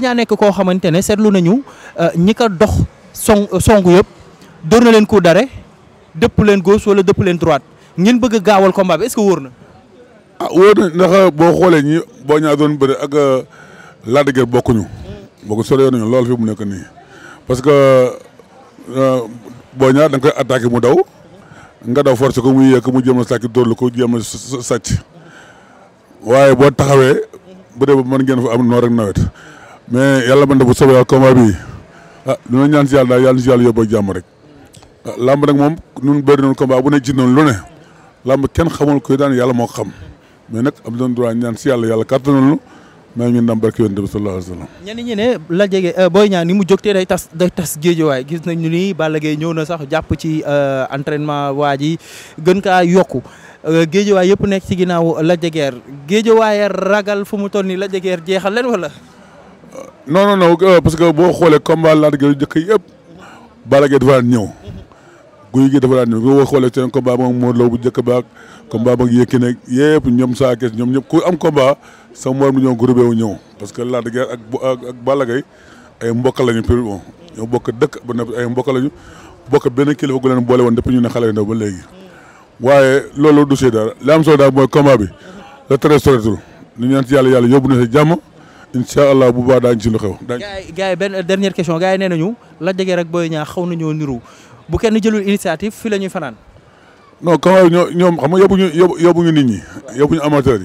Boy nekk koo xamante ne seetlu nañu euh, ñi ko dox song euh, songu yëpp dóor na leen ko d'arrêt dëpp leen gauche wala dëpp leen droite ngeen bëgg gaawal combat bi est-ce que wóor na. ah wóor na ndax euh, boo xoolee ñi boo Niang doon bëri ak Lac de Guiers bokkuñu. bokku sore yoon nañu lool fi mu nekk nii parce que boo Niang da nga koy attaqué mu daw. nga daw force ko mu yéeg mu jéem a sàcc dóor ko jéem a waaye boo taxawee bu dee ba mën ngeen fa am noor ak nawet mais yàlla man de bu soobee ak combat bi ah dina ñaan si yàlla daal yàlla si yàlla yóbbu ak jàmm rek ah nag moom ñun bëri ko combat bu ne ci noonu lu ne làmb kenn xamul koy daan yàlla moo xam mais nag am doon droit ñaan si yàlla yàlla kàttanal maa ngi ñun dam barke yonent bi sallallahu alayhi wa sallam ñi ne la jege euh, booy ñaan ni mu jógtee day tas day tas géejuwaay gis nañu nii Balla Gaye ñëw na sax jàpp ci euh, entrainement waa ji gën kaa yokku euh, géejuwaay yëpp nekk ci ginnaaw la jegeer géejuwaay ragal fu mu toll nii la jegeer jeexal wala non non non euh, parce que boo xoolee combat Lac de Guiers njëkk yëpp Balla Gaye dafa daan ñëw guy gi dafa daan ñëw boo xoolee seen combat ba Modou Lo bu njëkk baak combat ba Yékini nekk yëpp ñoom saa kees ñoom ñëpp ko am combat sa morom bi ñoo groupé wu ñëw parce que Lac de Guiers ak ak Balla Gaye ay mbokk lañu pur bon ñoo bokk dëkk ba ay mbokk lañu bokk benn kilifa gu leen boole woon depuis ñu ne xale ndaw ba léegi waaye loolu du see dara li am solo daal mooy combat bi le très soretul ñu ñaan ci yàlla yàlla yóbbu na jàmm incha allah bu baax daañu ci lu xew. gars yi gars yi benn dernière question gars yi nee la jege rek booy ñaa xaw nañoo niru bu kenn jëlul initiative fii la ñuy fanaan. non combat ñoo ñoom xam nga yóbbuñu yóbbuñu nit ñi yóbbuñu amateurs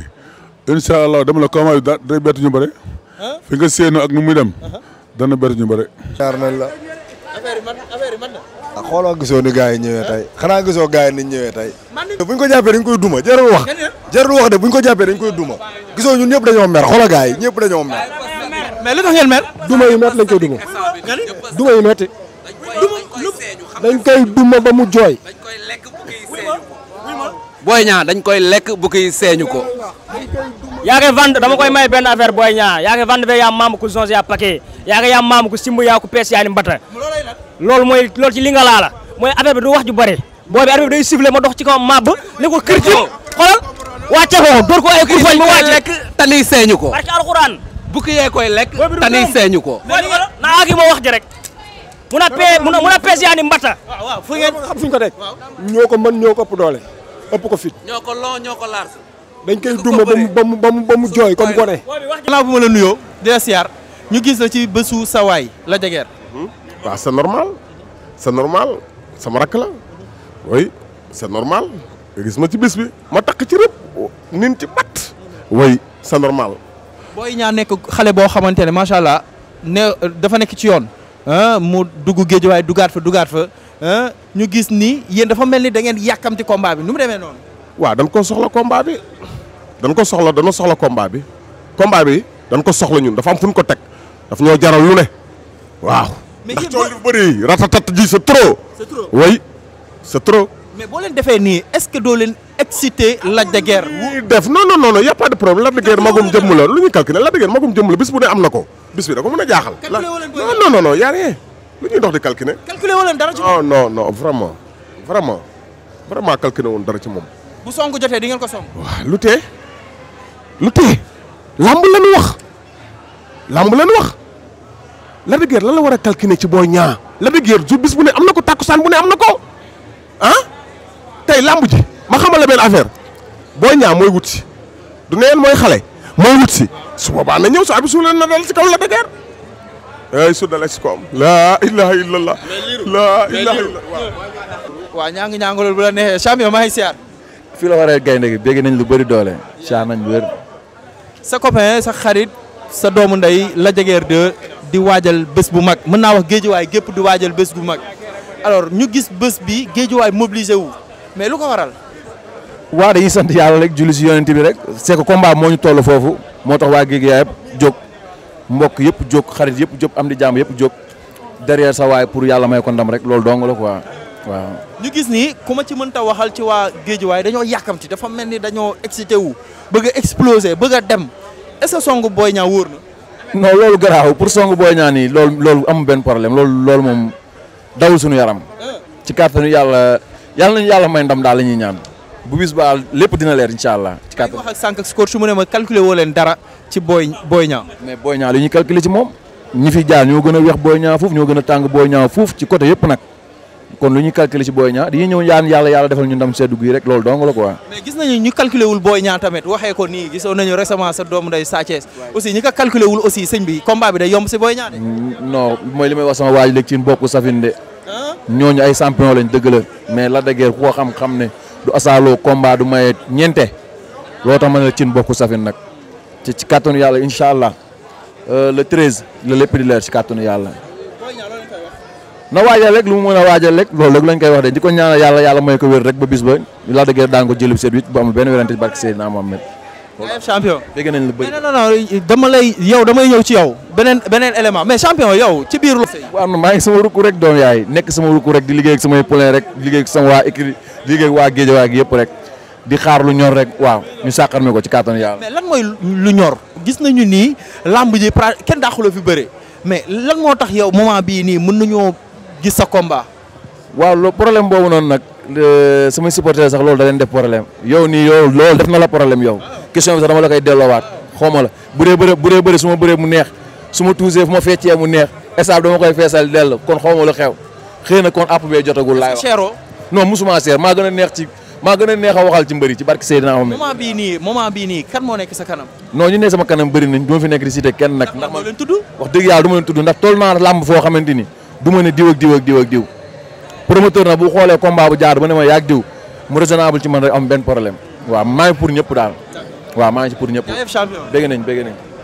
yi incha allah dama la combat bi daa day ñu bëre. fi nga séenoo ak nu muy dem. Uh-huh. dana bett ñu bëre. jaar nañ la. affaire yi man affaire yi man ah, tey xanaa gisoo gars yi ni ñu tey. man buñ ko jàppee koy duma jërë wax. jarul wax de bu ñu ko jàppee dañ koy duma gisoo ñun ñëpp dañoo mer xoolal gars yi ñëpp dañoo mer. mais li tax ngeen mer. duma yu métti lañ koy duma. ba mu jooy. Boy Niang dañ koy lekk bu kiy seeñu ko. yaa ngi vendre dama koy may benn affaire booy Niang yaa ngi vendre yaa yaa maamu ko simb yaa ko pees yaa ni mbata. loolu mooy loolu ci li nga laa la mooy affaire bi du wax ju bëri booy bi affaire bi day siffler ma dox ci kawam màbb ne ko kër ci xoolal. wàcce ko dóor ko ay kurfañ mu wàcce lekk tani seeñu ko barke alxuraan bukki yee koy lekk tani seeñu ko na agi ma wax ji rek mun a pees yaa ni mbata ah, fu ngeen xam fuñ ko teg ñoo ko mën ñoo ko ëpp doole ëpp ko fit ñoo ko long ñoo ko laar dañ koy duma ba mu jooy comme gone xanaa bu ma la nuyoo di la ñu gis la ci bésu sawaay la jegeer hmm? waaw c'est normal c'est normal sama rakk la oui c'est normal nga gis ma ci bés ma takk ci rëpp nin ci bat way c'est normal. booy ñaa nekk xale boo xamante ne macha allah ne dafa nekk ci yoon. mu dugg géej waaye dugaat fa dugaat fa ñu gis nii yéen dafa mel ni da ngeen yàkkamti combat bi nu mu demee noonu. waa dañ ko soxla combat bi dañ ko soxla dañoo soxla combat bi combat bi dañ ko soxla ñun dafa am fu ñu ko teg daf ñoo jaral lu ne waaw. ndax coow lu bëri ratatat ji c'est trop. c'est trop oui mais boo leen defee nii est-ce que doo leen excité Lac de Guiers. def non non non y' a pas de problème Lac de Guiers magum jëmm la lu ñu calculer Lac de magum jëmm la bis bu ne am na ko bis bi a jaaxal. non non a rien lu ñuy dox ah, vraiment vraiment vraiment woon dara ci moom. bu song jotee di ngeen ko song. waaw lu tee lu tee làmb la ñu wax làmb la wax Lac de la war a calculer ci booy ñaa Lac de Guiers bis bu ne am na ko tàkkusaan bu ne am na ko ah. tey làmb ji ma xamal la benn affaire boo Niang mooy wut si du neen mooy xale mooy su boobaa na ñëw su abi suulee na dal si kaw la dëgër ay su dal si koom laa ñaa ngi ñaangalul bu la neexee champion maa ngi siyaar waree gaynde gi bégg nañ lu bëri doole siyaar nañ wér sa copain sa xarit sa doomu ndey la jegeer de di waajal bés bu mag mën naa wax géejuwaay gépp di waajal bés bu mag alors ñu gis bés bi géejuwaay mobilisé wu mais lu ko waral. waa dañuy sant yàlla rek julli si yonent bi rek c'est que combat moo ñu toll foofu moo tax waa Guédiawaye yëpp jóg mbokk yëpp jóg xarit yëpp jóg am di jàmm yëpp jóg derrière sa waaye pour yàlla may ko ndam rek loolu dong la ko waaw. ñu gis nii ku ma ci mënta waxal ci waa géej waaye dañoo yàkkamti dafa mel ni dañoo excité wu bëgg a exploser bëgg a dem est-ce que songu Boy Niang wóor na. non loolu garaaw pour songu booy Niang nii loolu loolu amul benn problème loolu loolu moom dawul suñu yaram. Eh. yàlla nañu yàlla may ndam daal la ñuy ñaan bu bis ba lépp dina leer incha allah. ci kàttan wax ak sànq ak score su mu dara ci booy booy ñaa. mais booy ñaa moom ñu fi jaar ñoo gën a weex booy ñaa fuuf ñoo gën a tàng booy ñaa fuuf ci côté yëpp nag kon lu ñuy calculer ci booy yàlla yàlla defal ñu ndam seddu gi rek loolu dong la quoi. mais gis nañu ñu calculer booy ñaa tamit waxee ko nii gisoon nañu récemment sa doomu nday Sa aussi ñi ko calculer wul aussi sëñ bi combat bi day yomb si booy ñaa de. mooy li may wax waaj léegi ci bokk safin ñooñu ay champion lañ dëgg la mais la de Guiers ku ko xam-xam ne du asaaloo combat du maye ñeente loo tax ma ne la cin bokku safin nag ci ci kàttanu yàlla incha allah euh, le treize la lépp di leer ci kàttanu yàlla. na waajal rek lu mu mën a waajal rek loolu lañ koy wax de di ko ñaanal yàlla yàlla may ko wér rek ba bis la Lac de Guiers daan ko jëlub seet wit bu amul benn wérante ci barke Seydina Mohamed. waaw champion dégg ci yow champion yow ci biir. am na maa ngi sama rukk rek doom yaay nekk sama rukk rek di liggéey ak samay poulain rek di liggéey ak sama waa écrit di liggéey yëpp rek di xaar lu ñor rek waaw ñu sàqar mi ko ci kàttanu yàlla. mais lan mooy lu ñor gis nañu nii làmb ji pra kenn daaxuloo fi bëre mais lan moo tax yow moment bii nii mën nañoo gis sa combat. waaw loolu problème boobu noonu nag sama supporter sax loolu da leen def problème yow nii yow loolu def na la problème yow question bi sax dama la koy delloowaat ma la bu dee bëre bu dee bëre su ma bëree mu neex su ma tuusee fu ma feccee mu neex. stade dama koy feesal dell kon xaw ma lu xew xëy na kon app bee jotagul. laay wax seeroo non mosuma seer maa gën a neex ci maa gën a neex a waxal ci mbëri ci barki Seydina Ahmed. moment bii nii moment bii nii kan moo nekk sa kanam. non ñu ne sama kanam bëri nañ du ma fi nekk di cité kenn nag. ndax ma leen wax dëgg yàlla du ma leen tudd ndax toll naa làmb foo xamante ni du ma ne diw ak diw ak diw ak diw promoteur na bu xoolee combat bu jaar ba ne ma yaag diw mu raisonnable ci man rek am benn problème waaw maa pour ñëpp daal waaw maa ngi ci pour ñëpp. dégg nañ dégg nañ